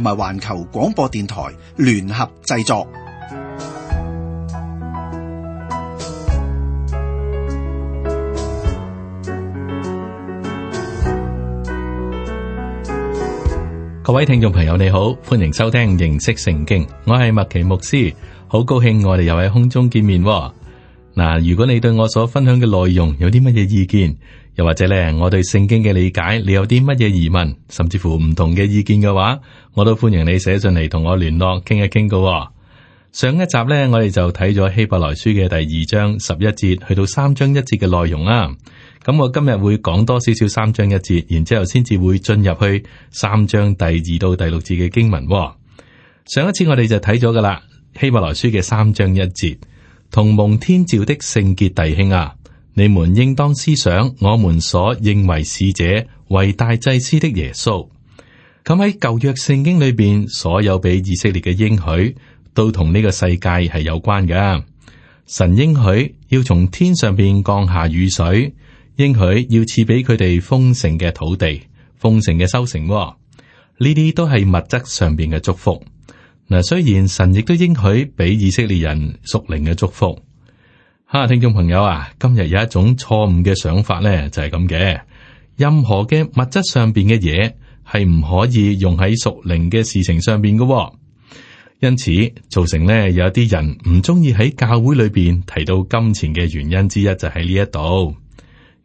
同埋環球廣播電台聯合製作。各位聽眾朋友，你好，歡迎收聽認識聖經，我係麥奇牧師，好高興我哋又喺空中見面。嗱，如果你對我所分享嘅內容有啲乜嘢意見，又或者咧我對聖經嘅理解，你有啲乜嘢疑問，甚至乎唔同嘅意見嘅話，我都歡迎你寫信嚟同我聯絡傾一傾嘅、哦。上一集呢，我哋就睇咗希伯來書嘅第二章十一節去到三章一節嘅內容啦、啊。咁我今日會講多少少三章一節，然之後先至會進入去三章第二到第六節嘅經文、哦。上一次我哋就睇咗噶啦，希伯來書嘅三章一節。同蒙天照的聖潔弟兄啊，你們應當思想我們所認為使者為大祭司的耶穌。咁喺舊約聖經裏邊，所有俾以色列嘅應許，都同呢個世界係有關嘅。神應許要從天上邊降下雨水，應許要賜俾佢哋豐盛嘅土地、豐盛嘅收成啊。呢啲都係物質上邊嘅祝福。嗱，雖然神亦都應許俾以色列人屬靈嘅祝福，哈，聽眾朋友啊，今日有一種錯誤嘅想法咧，就係咁嘅，任何嘅物質上邊嘅嘢係唔可以用喺屬靈嘅事情上邊噶、哦，因此造成咧有一啲人唔中意喺教會裏邊提到金錢嘅原因之一就係呢一度。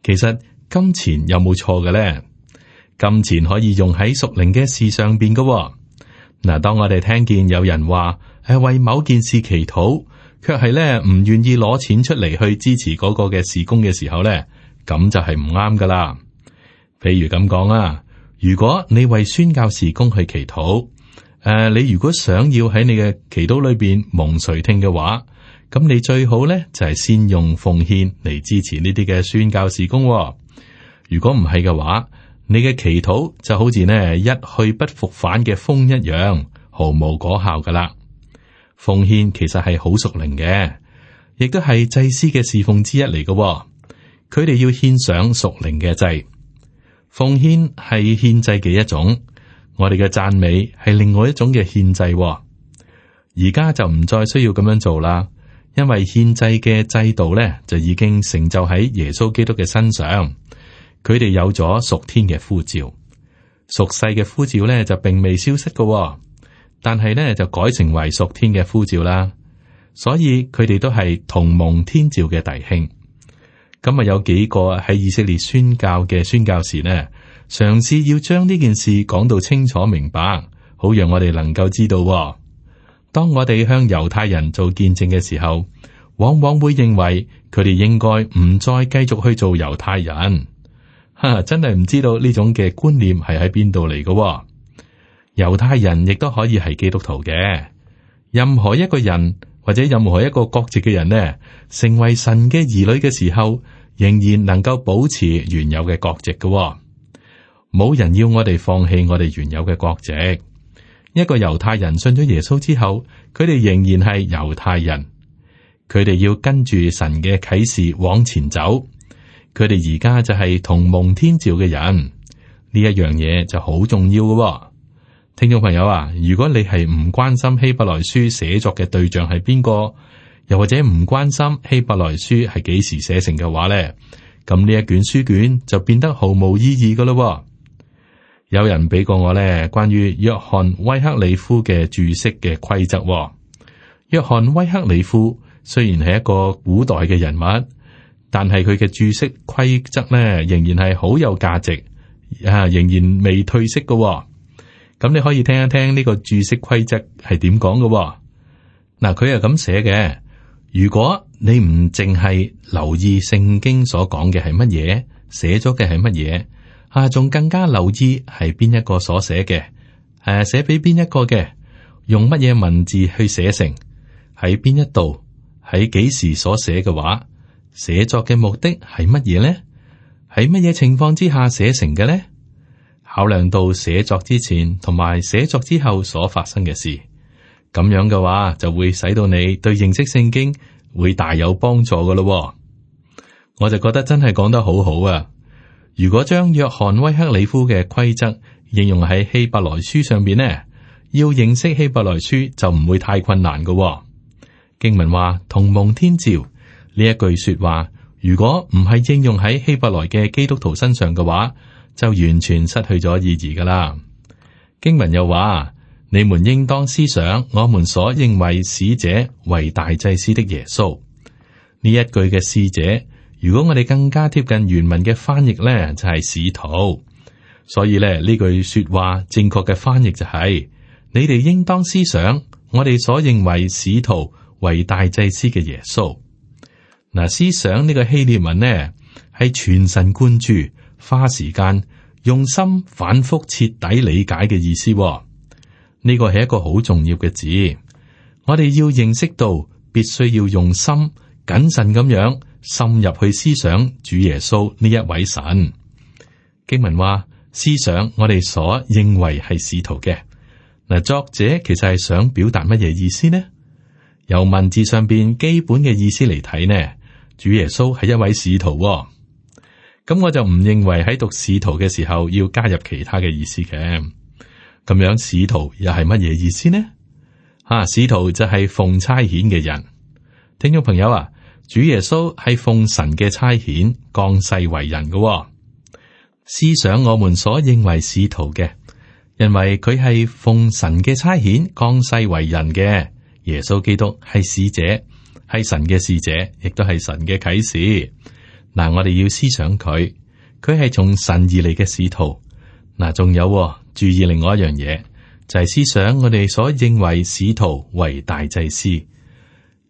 其實金錢有冇錯嘅咧？金錢可以用喺屬靈嘅事上邊噶、哦。嗱，當我哋聽見有人話係、啊、為某件事祈禱，卻係咧唔願意攞錢出嚟去支持嗰個嘅事工嘅時候咧，咁就係唔啱噶啦。譬如咁講啊，如果你為宣教事工去祈禱，誒、啊，你如果想要喺你嘅祈禱裏邊蒙垂聽嘅話，咁你最好咧就係、是、先用奉獻嚟支持呢啲嘅宣教事工、哦。如果唔係嘅話，你嘅祈禱就好似呢一去不復返嘅風一樣，毫無果效噶啦。奉獻其實係好屬靈嘅，亦都係祭司嘅侍奉之一嚟嘅、哦。佢哋要獻上屬靈嘅祭，奉獻係獻祭嘅一種。我哋嘅讚美係另外一種嘅獻祭、哦。而家就唔再需要咁樣做啦，因為獻祭嘅制度咧就已經成就喺耶穌基督嘅身上。佢哋有咗屬天嘅呼召，屬世嘅呼召咧就並未消失噶、哦，但係咧就改成為屬天嘅呼召啦。所以佢哋都係同蒙天召嘅弟兄。今日有幾個喺以色列宣教嘅宣教士呢，嘗試要將呢件事講到清楚明白，好讓我哋能夠知道、哦。當我哋向猶太人做見證嘅時候，往往會認為佢哋應該唔再繼續去做猶太人。啊、真係唔知道呢種嘅觀念係喺邊度嚟嘅喎？猶太人亦都可以係基督徒嘅。任何一個人或者任何一個國籍嘅人呢，成為神嘅兒女嘅時候，仍然能夠保持原有嘅國籍嘅、哦。冇人要我哋放棄我哋原有嘅國籍。一個猶太人信咗耶穌之後，佢哋仍然係猶太人。佢哋要跟住神嘅啟示往前走。佢哋而家就係同蒙天照嘅人，呢一樣嘢，就好重要嘅、哦。聽眾朋友啊，如果你係唔關心希伯來書寫作嘅對象係邊個，又或者唔關心希伯來書係幾時寫成嘅話咧，咁呢一卷書卷就變得毫無意義噶啦、哦。有人俾過我咧關於約翰威克里夫嘅注釋嘅規則。約翰威克里夫雖然係一個古代嘅人物。但係佢嘅註釋規則咧，仍然係好有價值啊，仍然未退色㗎，哦。咁，啊、你可以聽一聽呢個註釋規則係點講㗎。嗱，啊，佢係咁寫嘅：如果你唔淨係留意聖經所講嘅係乜嘢，寫咗嘅係乜嘢啊，仲更加留意係邊一個所寫嘅，誒，啊，寫俾邊一個嘅，用乜嘢文字去寫成，喺邊一度，喺幾時所寫嘅話。寫作嘅目的係乜嘢呢？喺乜嘢情況之下寫成嘅呢？考量到寫作之前同埋寫作之後所發生嘅事，咁樣嘅話就會使到你對認識聖經會大有幫助嘅咯。我就覺得真係講得好好啊！如果將約翰威克里夫嘅規則應用喺希伯來書上邊呢，要認識希伯來書就唔會太困難嘅。經文話同蒙天召。呢一句說話，如果唔係應用喺希伯來嘅基督徒身上嘅話，就完全失去咗意義噶啦。經文又話：你們應當思想，我們所認為使者為大祭司的耶穌。呢一句嘅使者，如果我哋更加貼近原文嘅翻譯呢，就係、是、使徒。所以呢呢句說話正確嘅翻譯就係、是：你哋應當思想，我哋所認為使徒為大祭司嘅耶穌。嗱，思想呢個希臘文呢，係全神貫注、花時間、用心、反覆徹底理解嘅意思，哦。呢，這個係一個好重要嘅字，我哋要認識到，必須要用心謹慎咁樣深入去思想主耶穌呢一位神。經文話，思想我哋所認為係使徒嘅。嗱，作者其實係想表達乜嘢意思呢？由文字上邊基本嘅意思嚟睇呢，主耶穌係一位使徒，咁我就唔認為喺讀使徒嘅時候要加入其他嘅意思嘅。咁樣使徒又係乜嘢意思呢？啊，使徒就係奉差遣嘅人。聽眾朋友啊，主耶穌係奉神嘅差遣降世為人嘅。思想我們所認為使徒嘅，認為佢係奉神嘅差遣降世為人嘅。耶穌基督係使者。係神嘅使者，亦都係神嘅啟示。嗱，我哋要思想佢，佢係從神而嚟嘅使徒。嗱，仲有，哦，注意另外一樣嘢，就係，是，思想我哋所認為使徒為大祭司。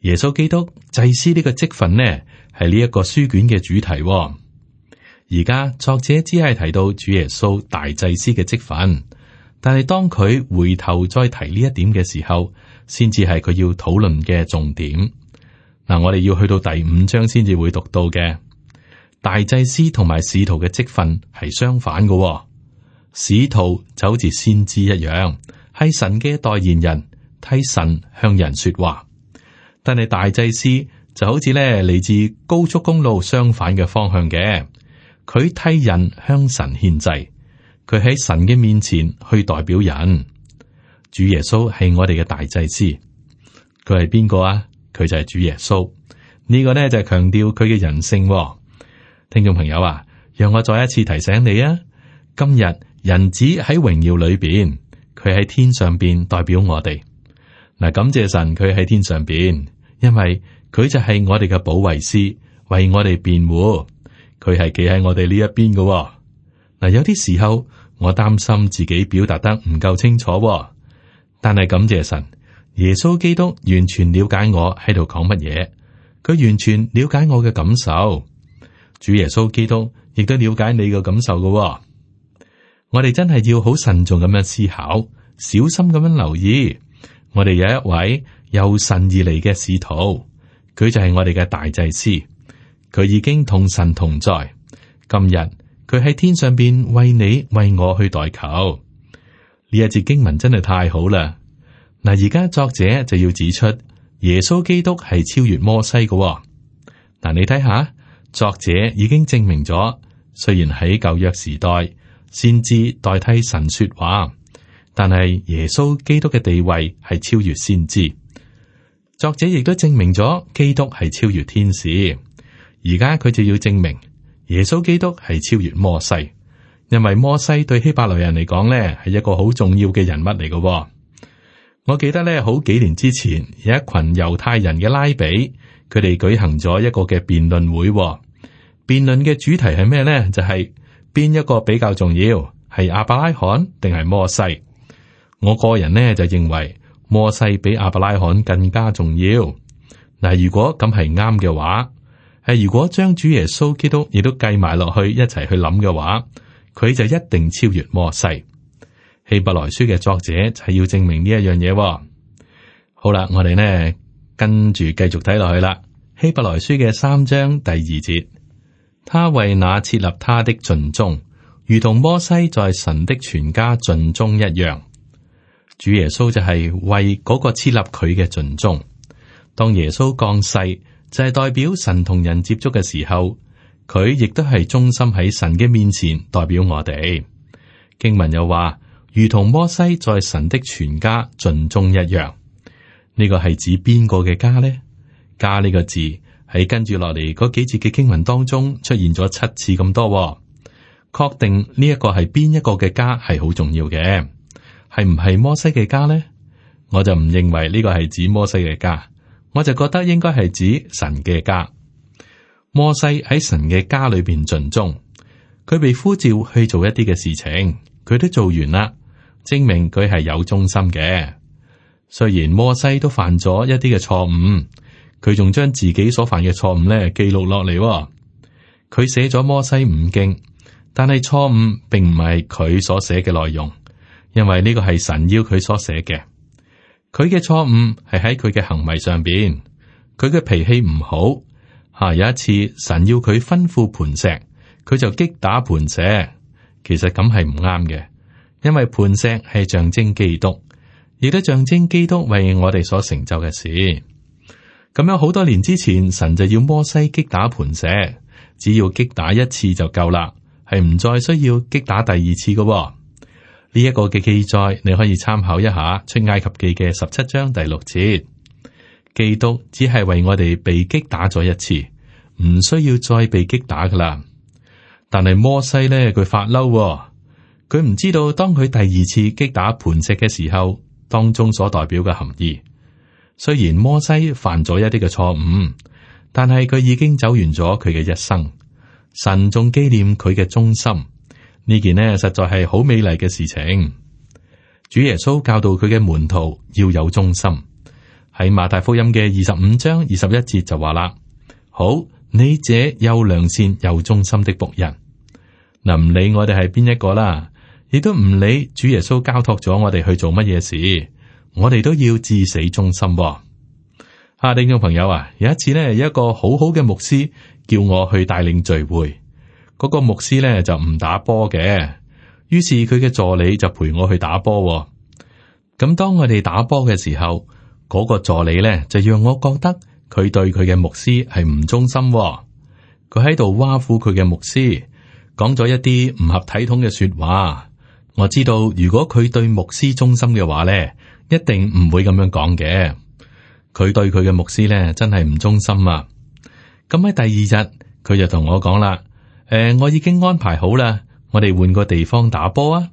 耶穌基督祭司呢個職分呢，係呢一個書卷嘅主題，哦。而家作者只係提到主耶穌大祭司嘅職分，但係當佢回頭再提呢一點嘅時候，先至係佢要討論嘅重點。嗱，我哋要去到第五章先至會讀到嘅大祭司同埋使徒嘅職份係相反嘅，哦。使徒就好似先知一樣，係神嘅代言人，替神向人說話。但係大祭司就好似咧嚟自高速公路相反嘅方向嘅，佢替人向神獻祭，佢喺神嘅面前去代表人。主耶穌係我哋嘅大祭司，佢係邊個啊？佢就係主耶穌，呢、呢個，呢就係、是、強調佢嘅人性、喎。聽眾朋友啊，讓我再一次提醒你啊，今日人子喺榮耀裏邊，佢喺天上邊代表我哋。嗱，感謝神，佢喺天上邊，因為佢就係我哋嘅保惠師，為我哋辯護，佢係企喺我哋呢一邊嘅、喎。嗱，有啲時候我擔心自己表達得唔夠清楚、喎，但係感謝神。耶穌基督完全了解我喺度講乜嘢，佢完全了解我嘅感受。主耶穌基督亦都了解你嘅感受嘅、哦。我哋真係要好慎重咁樣思考，小心咁樣留意。我哋有一位由神而嚟嘅使徒，佢就係我哋嘅大祭司。佢已經同神同在。今日佢喺天上邊為你為我去代求。呢一節經文真係太好啦！嗱，而家作者就要指出耶穌基督係超越摩西嘅、哦，嗱，你睇下，作者已經證明咗，雖然喺舊約時代先知代替神說話，但係耶穌基督嘅地位係超越先知。作者亦都證明咗基督係超越天使。而家佢就要證明耶穌基督係超越摩西，因為摩西對希伯來人嚟講咧係一個好重要嘅人物嚟嘅、哦。我記得咧，好幾年之前有一群猶太人嘅拉比，佢哋舉行咗一個嘅辯論會。辯論嘅主題係咩咧？就係、是、邊一個比較重要，係阿伯拉罕定係摩西？我個人咧就認為摩西比阿伯拉罕更加重要。嗱，如果咁係啱嘅話，係如果將主耶穌基督亦都計埋落去一齊去諗嘅話，佢就一定超越摩西。希伯來書嘅作者就係要證明呢一樣嘢、哦。好啦，我哋呢跟住繼續睇落去啦。希伯來書嘅三章第二節，他為那設立他的盡忠，如同摩西在神的全家盡忠一樣。主耶穌就係為嗰個設立佢嘅盡忠。當耶穌降世，就係、是、代表神同人接觸嘅時候，佢亦都係忠心喺神嘅面前代表我哋。經文又話。如同摩西在神的全家盡忠一樣，呢個係指邊個嘅家呢？家呢個字喺跟住落嚟嗰幾節嘅經文當中出現咗七次咁多、哦，確定呢一個係邊一個嘅家係好重要嘅。係唔係摩西嘅家呢？我就唔認為呢個係指摩西嘅家，我就覺得應該係指神嘅家。摩西喺神嘅家裏邊盡忠，佢被呼召去做一啲嘅事情，佢都做完啦。證明佢係有忠心嘅。雖然摩西都犯咗一啲嘅錯誤，佢仲將自己所犯嘅錯誤咧記錄落嚟，哦。佢寫咗摩西五經，但係錯誤並唔係佢所寫嘅內容，因為呢個係神要佢所寫嘅。佢嘅錯誤係喺佢嘅行為上邊，佢嘅脾氣唔好。吓，啊，有一次神要佢吩咐磐石，佢就擊打磐石，其實咁係唔啱嘅。因為磐石係象徵基督，亦都象徵基督為我哋所成就嘅事。咁有好多年之前，神就要摩西擊打磐石，只要擊打一次就夠啦，係唔再需要擊打第二次嘅喎。呢一個嘅記載，你可以參考一下《出埃及記》嘅十七章第六節。基督只係為我哋被擊打咗一次，唔需要再被擊打噶啦。但係摩西呢，佢發嬲喎。佢唔知道當佢第二次擊打磐石嘅時候，當中所代表嘅含義。雖然摩西犯咗一啲嘅錯誤，但係佢已經走完咗佢嘅一生。神仲紀念佢嘅忠心，呢件呢實在係好美麗嘅事情。主耶穌教導佢嘅門徒要有忠心，喺馬太福音嘅二十五章二十一節就話啦：好，你這又良善又忠心的僕人，嗱，唔理我哋係邊一個啦？亦都唔理主耶穌交託咗我哋去做乜嘢事，我哋都要至死忠心喎。啊，聽眾朋友啊，有一次呢，有一個好好嘅牧師叫我去帶領聚會，嗰個牧師呢就唔打波嘅，於是佢嘅助理就陪我去打波。咁當我哋打波嘅時候，嗰個助理呢就讓我覺得佢對佢嘅牧師係唔忠心喎，佢喺度挖苦佢嘅牧師，講咗一啲唔合體統嘅說話。我知道如果佢對牧師忠心嘅話咧，一定唔會咁樣講嘅。佢對佢嘅牧師咧真係唔忠心啊！咁喺第二日，佢就同我講啦：誒、欸，我已經安排好啦，我哋換個地方打波啊！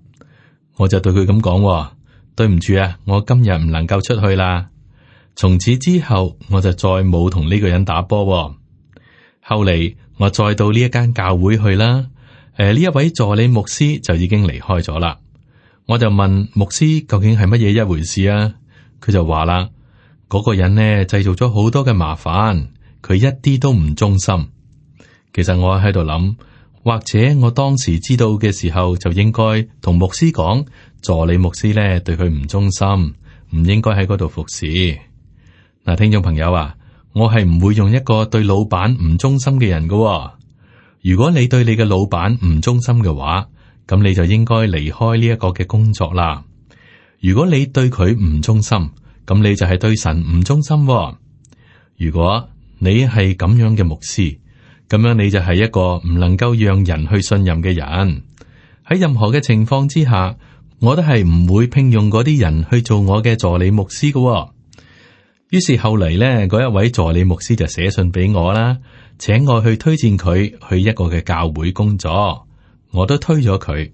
我就對佢咁講：對唔住啊，我今日唔能夠出去啦。從此之後，我就再冇同呢個人打波、哦。後嚟我再到呢一間教會去啦。誒，呢一位助理牧師就已經離開咗啦。我就問牧師究竟係乜嘢一回事啊？佢就話啦，嗰個人呢，製造咗好多嘅麻煩，佢一啲都唔忠心。其實我喺度諗，或者我當時知道嘅時候就應該同牧師講，助理牧師呢，對佢唔忠心，唔應該喺嗰度服侍。嗱，聽眾朋友啊，我係唔會用一個對老闆唔忠心嘅人噶喎。如果你對你嘅老闆唔忠心嘅話，咁你就應該離開呢一個嘅工作啦。如果你對佢唔忠心，咁你就係對神唔忠心喎。如果你係咁樣嘅牧師，咁樣你就係一個唔能夠讓人去信任嘅人。喺任何嘅情況之下，我都係唔會聘用嗰啲人去做我嘅助理牧師嘅喎。於是後嚟呢，嗰一位助理牧師就寫信俾我啦。請我去推薦佢去一個嘅教會工作，我都推咗佢。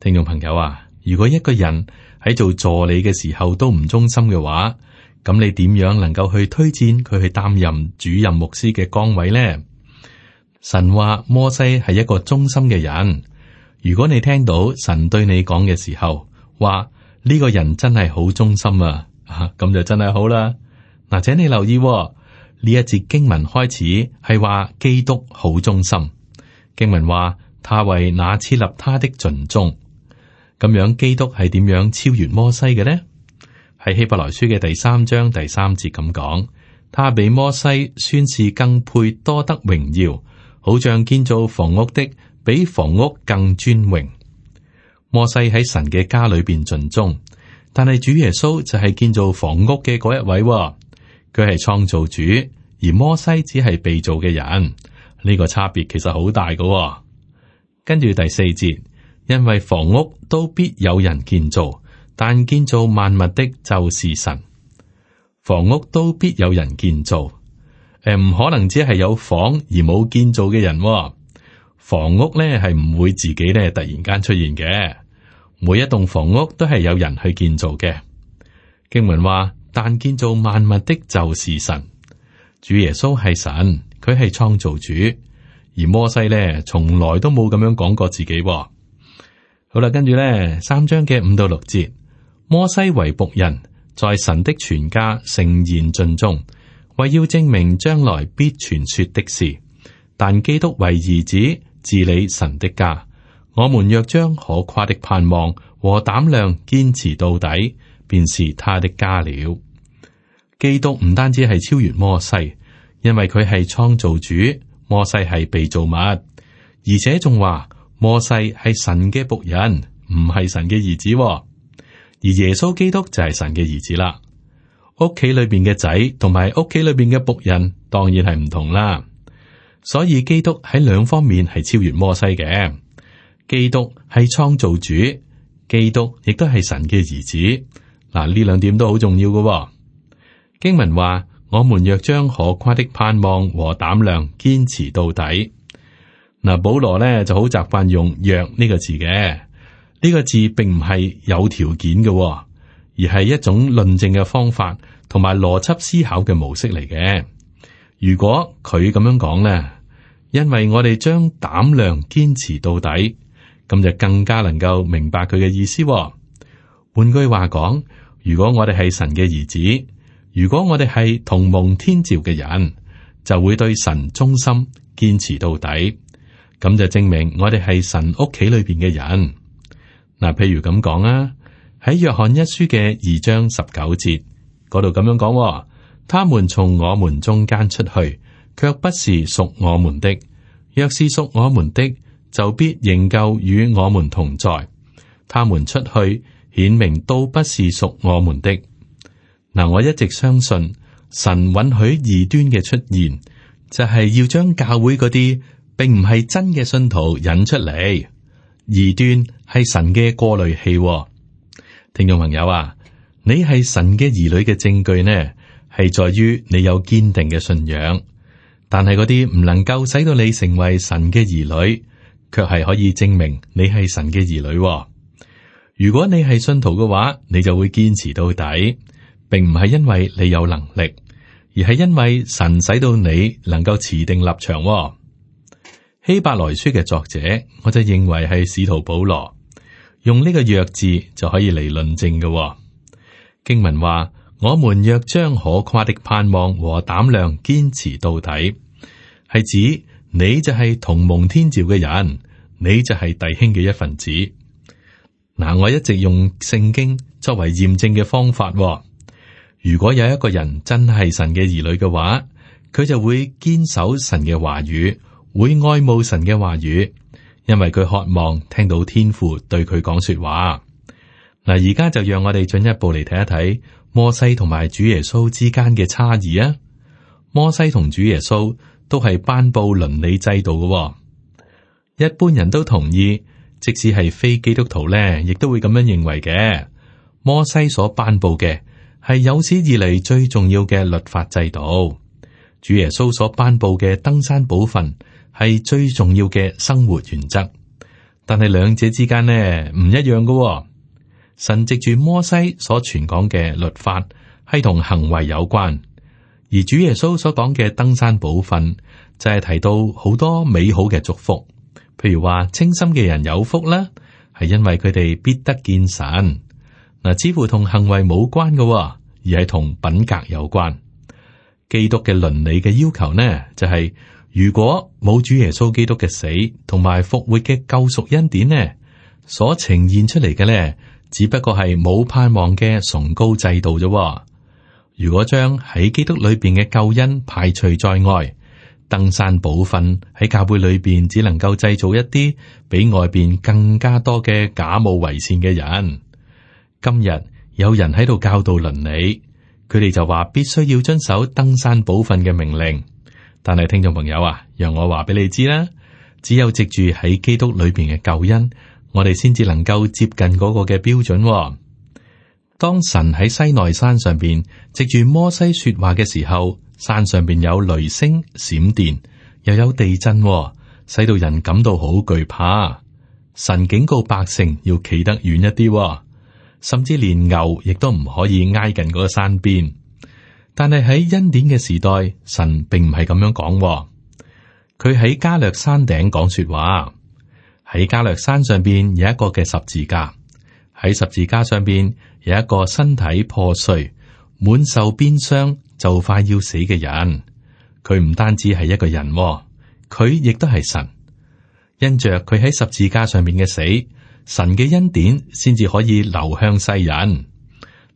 聽眾朋友啊，如果一個人喺做助理嘅時候都唔忠心嘅話，咁你點樣能夠去推薦佢去擔任主任牧師嘅崗位呢？神話摩西係一個忠心嘅人。如果你聽到神對你講嘅時候，話呢個人真係好忠心啊，咁就真係好啦。嗱，請你留意喎。呢一節經文開始係話基督好忠心。經文話，他為那設立他的盡忠。咁樣基督係點樣超越摩西嘅呢？喺希伯來書嘅第三章第三節咁講，他比摩西算是更配多得榮耀，好像建造房屋的比房屋更尊榮。摩西喺神嘅家裏邊盡忠，但係主耶穌就係建造房屋嘅嗰一位。佢係創造主，而摩西只係被造嘅人，呢、這個差別其實好大嘅、哦。跟住第四節，因為房屋都必有人建造，但建造萬物的就是神。房屋都必有人建造，誒、呃、唔可能只係有房而冇建造嘅人、哦。房屋咧係唔會自己咧突然間出現嘅，每一棟房屋都係有人去建造嘅。經文話。但建造萬物的就是神，主耶穌係神，佢係創造主，而摩西咧從來都冇咁樣講過自己。好啦，跟住咧三章嘅五到六節，摩西為僕人，在神的全家誠然盡忠，為要證明將來必傳說的事。但基督為兒子治理神的家，我們若將可誇的盼望和膽量堅持到底，便是他的家了。基督唔單止係超越摩西，因為佢係創造主，摩西係被造物，而且仲話摩西係神嘅僕人，唔係神嘅兒子，哦。而耶穌基督就係神嘅兒子啦。屋企裏邊嘅仔同埋屋企裏邊嘅僕人，當然係唔同啦。所以基督喺兩方面係超越摩西嘅。基督係創造主，基督亦都係神嘅兒子。嗱，呢兩點都好重要㗎、哦。經文話：我們若將可誇的盼望和膽量堅持到底。嗱，保羅咧就好習慣用若呢、這個字嘅，呢、這個字並唔係有條件嘅、哦，而係一種論證嘅方法同埋邏輯思考嘅模式嚟嘅。如果佢咁樣講咧，因為我哋將膽量堅持到底，咁就更加能夠明白佢嘅意思、哦。換句話講。如果我哋係神嘅兒子，如果我哋係同蒙天召嘅人，就會對神忠心，堅持到底。咁就證明我哋係神屋企裏邊嘅人。嗱、呃，譬如咁講啊，喺約翰一書嘅二章十九節嗰度咁樣講：他們從我們中間出去，卻不是屬我們的；若是屬我們的，就必仍舊與我們同在。他們出去。顯明都不是屬我們的。嗱，我一直相信神允許異端嘅出現，就係、是、要將教會嗰啲並唔係真嘅信徒引出嚟。異端係神嘅過濾器、哦。聽眾朋友啊，你係神嘅兒女嘅證據呢，係在於你有堅定嘅信仰。但係嗰啲唔能夠使到你成為神嘅兒女，卻係可以證明你係神嘅兒女、哦。如果你係信徒嘅話，你就會堅持到底，並唔係因為你有能力，而係因為神使到你能夠持定立場、哦。希伯來書嘅作者，我就認為係使徒保羅，用呢個若字就可以嚟論證嘅、哦、經文話：我們若將可誇的盼望和膽量堅持到底，係指你就係同蒙天召嘅人，你就係弟兄嘅一份子。嗱，我一直用聖經作為驗證嘅方法喎。如果有一個人真係神嘅兒女嘅話，佢就會堅守神嘅話語，會愛慕神嘅話語，因為佢渴望聽到天父對佢講說話。嗱，而家就讓我哋進一步嚟睇一睇，摩西同埋主耶穌之間嘅差異啊。摩西同主耶穌都係頒布倫理制度㗎喎，一般人都同意。即使係非基督徒咧，亦都會咁樣認為嘅。摩西所頒布嘅係有史以嚟最重要嘅律法制度，主耶穌所頒布嘅登山寶訓係最重要嘅生活原則。但係兩者之間呢，唔一樣嘅哦。神藉住摩西所傳講嘅律法係同行為有關，而主耶穌所講嘅登山寶訓就係提到好多美好嘅祝福。譬如話，清心嘅人有福啦，係因為佢哋必得見神。嗱，似乎同行為冇關嘅，而係同品格有關。基督嘅倫理嘅要求呢、就是，就係如果冇主耶穌基督嘅死同埋復活嘅救贖恩典呢，所呈現出嚟嘅呢，只不過係冇盼望嘅崇高制度啫。如果將喺基督裏邊嘅救恩排除在外。登山寶訓喺教會裏邊只能夠製造一啲比外邊更加多嘅假冒偽善嘅人。今日有人喺度教導倫理，佢哋就話必須要遵守登山寶訓嘅命令。但係聽眾朋友啊，讓我話俾你知啦，只有藉住喺基督裏邊嘅救恩，我哋先至能夠接近嗰個嘅標準哦。當神喺西奈山上邊藉住摩西說話嘅時候。山上邊有雷聲、閃電，又有地震、哦，使到人感到好懼怕。神警告百姓要企得遠一啲、哦，甚至連牛亦都唔可以挨近嗰個山邊。但係喺恩典嘅時代，神並唔係咁樣講、哦。佢喺加略山頂講說話，喺加略山上邊有一個嘅十字架，喺十字架上邊有一個身體破碎、滿受鞭傷。就快要死嘅人，佢唔單止係一個人、哦，佢亦都係神。因着佢喺十字架上面嘅死，神嘅恩典先至可以流向世人。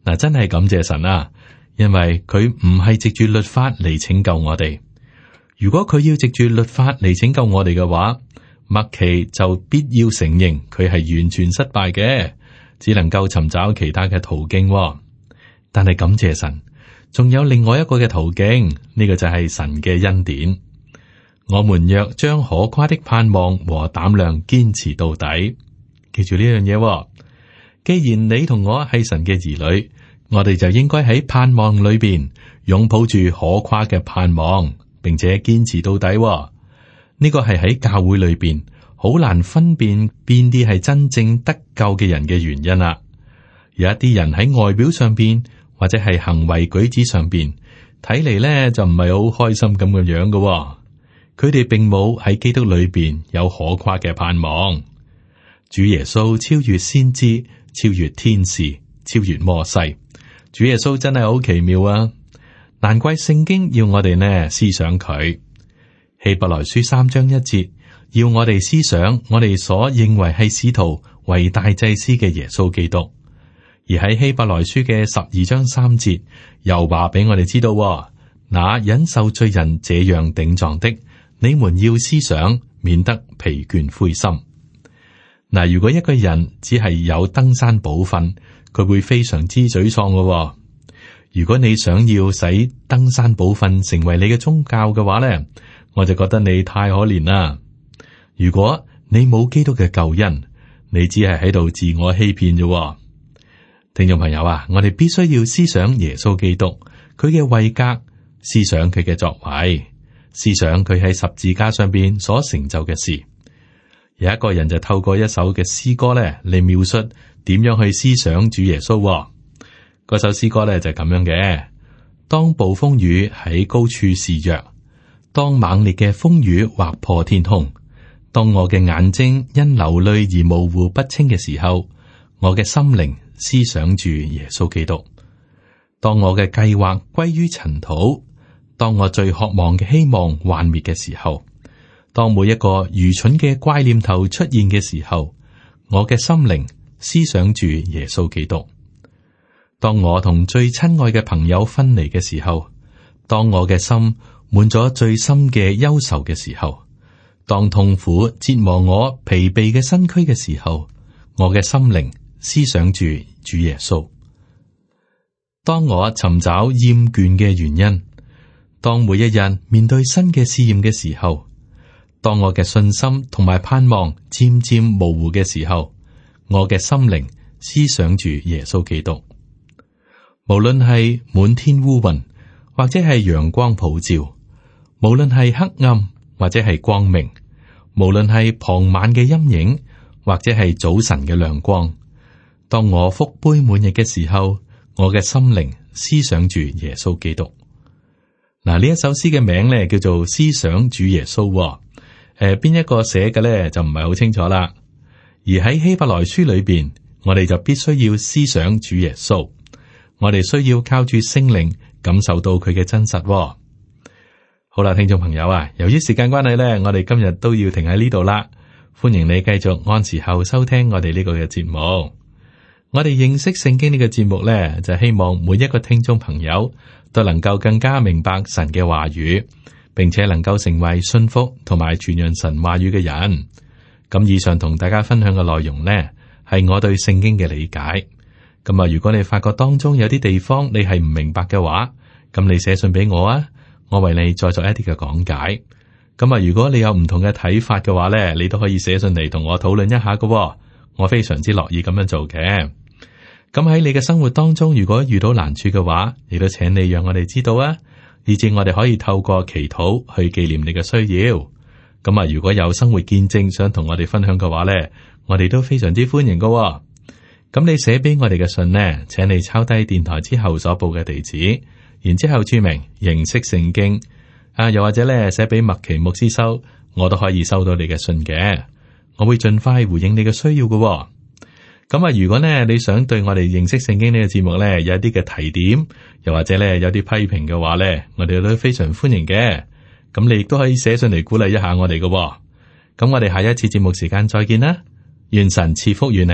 嗱，真係感謝神啊！因為佢唔係藉住律法嚟拯救我哋。如果佢要藉住律法嚟拯救我哋嘅話，麥奇就必要承認佢係完全失敗嘅，只能夠尋找其他嘅途徑、哦。但係感謝神。仲有另外一個嘅途徑，呢、這個就係神嘅恩典。我們若將可誇的盼望和膽量堅持到底，記住呢樣嘢喎。既然你同我係神嘅兒女，我哋就應該喺盼望裏邊擁抱住可誇嘅盼望，並且堅持到底、哦。呢、這個係喺教會裏邊好難分辨邊啲係真正得救嘅人嘅原因啦、啊。有一啲人喺外表上邊。或者係行為舉止上邊睇嚟咧，就唔係好開心咁嘅樣嘅、哦。佢哋並冇喺基督裏邊有可誇嘅盼望。主耶穌超越先知，超越天使，超越摩西。主耶穌真係好奇妙啊！難怪聖經要我哋呢思想佢。希伯來書三章一節要我哋思想，我哋所認為係使徒為大祭司嘅耶穌基督。而喺希伯來書嘅十二章三節，又話俾我哋知道，那忍受罪人這樣頂撞的，你們要思想，免得疲倦灰心。嗱，如果一個人只係有登山寶訓，佢會非常之沮喪㗎喎。如果你想要使登山寶訓成為你嘅宗教嘅話咧，我就覺得你太可憐啦。如果你冇基督嘅救恩，你只係喺度自我欺騙啫喎。聽眾朋友啊，我哋必須要思想耶穌基督，佢嘅位格，思想佢嘅作為，思想佢喺十字架上邊所成就嘅事。有一個人就透過一首嘅詩歌咧嚟，描述點樣去思想主耶穌哦。嗰首詩歌咧就係咁樣嘅：當暴風雨喺高處示弱，當猛烈嘅風雨劃破天空，當我嘅眼睛因流淚而模糊不清嘅時候，我嘅心靈。思想住耶穌基督。當我嘅計劃歸於塵土，當我最渴望嘅希望幻滅嘅時候，當每一個愚蠢嘅怪念頭出現嘅時候，我嘅心靈思想住耶穌基督。當我同最親愛嘅朋友分離嘅時候，當我嘅心滿咗最深嘅憂愁嘅時候，當痛苦折磨我疲憊嘅身軀嘅時候，我嘅心靈。思想住主耶穌。當我尋找厭倦嘅原因，當每一日面對新嘅試驗嘅時候，當我嘅信心同埋盼望漸漸模糊嘅時候，我嘅心靈思想住耶穌基督。無論係滿天烏雲，或者係陽光普照；無論係黑暗，或者係光明；無論係傍晚嘅陰影，或者係早晨嘅亮光。當我福杯滿溢嘅時候，我嘅心靈思想住耶穌基督。嗱，呢一首詩嘅名咧叫做《思想主耶穌》誒，邊、呃、一個寫嘅咧就唔係好清楚啦。而喺希伯來書裏邊，我哋就必須要思想主耶穌，我哋需要靠住聖靈感受到佢嘅真實、哦。好啦，聽眾朋友啊，由於時間關係咧，我哋今日都要停喺呢度啦。歡迎你繼續按時後收聽我哋呢個嘅節目。我哋認識聖經呢個節目呢，就希望每一個聽眾朋友都能夠更加明白神嘅話語，並且能夠成為信服同埋傳揚神話語嘅人。咁以上同大家分享嘅內容呢，係我對聖經嘅理解。咁啊，如果你發覺當中有啲地方你係唔明白嘅話，咁你寫信俾我啊，我為你再做一啲嘅講解。咁啊，如果你有唔同嘅睇法嘅話呢，你都可以寫信嚟同我討論一下嘅。我非常之樂意咁樣做嘅。咁喺你嘅生活當中，如果遇到難處嘅話，亦都請你讓我哋知道啊，以至我哋可以透過祈禱去紀念你嘅需要。咁啊，如果有生活見證想同我哋分享嘅話咧，我哋都非常之歡迎噶哦。咁你寫俾我哋嘅信呢，請你抄低電台之後所報嘅地址，然之後注明認識聖經啊，又或者咧寫俾麥奇牧師收，我都可以收到你嘅信嘅，我會盡快回應你嘅需要噶哦。咁啊，如果呢，你想對我哋認識聖經呢、這個節目呢，有一啲嘅提點，又或者呢，有啲批評嘅話呢，我哋都非常歡迎嘅。咁你亦都可以寫上嚟鼓勵一下我哋嘅、哦。咁我哋下一次節目時間再見啦，願神賜福與你。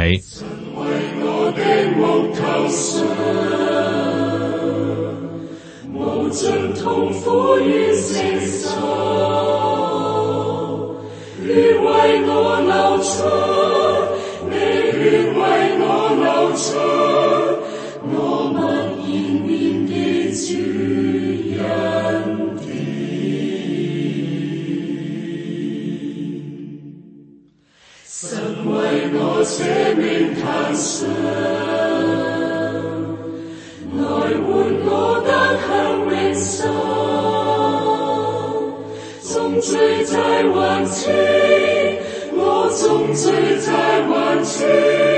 我默然念記住恩典，神為我捨命坦承，來換我得享永生。眾罪債還清，我眾罪債還清。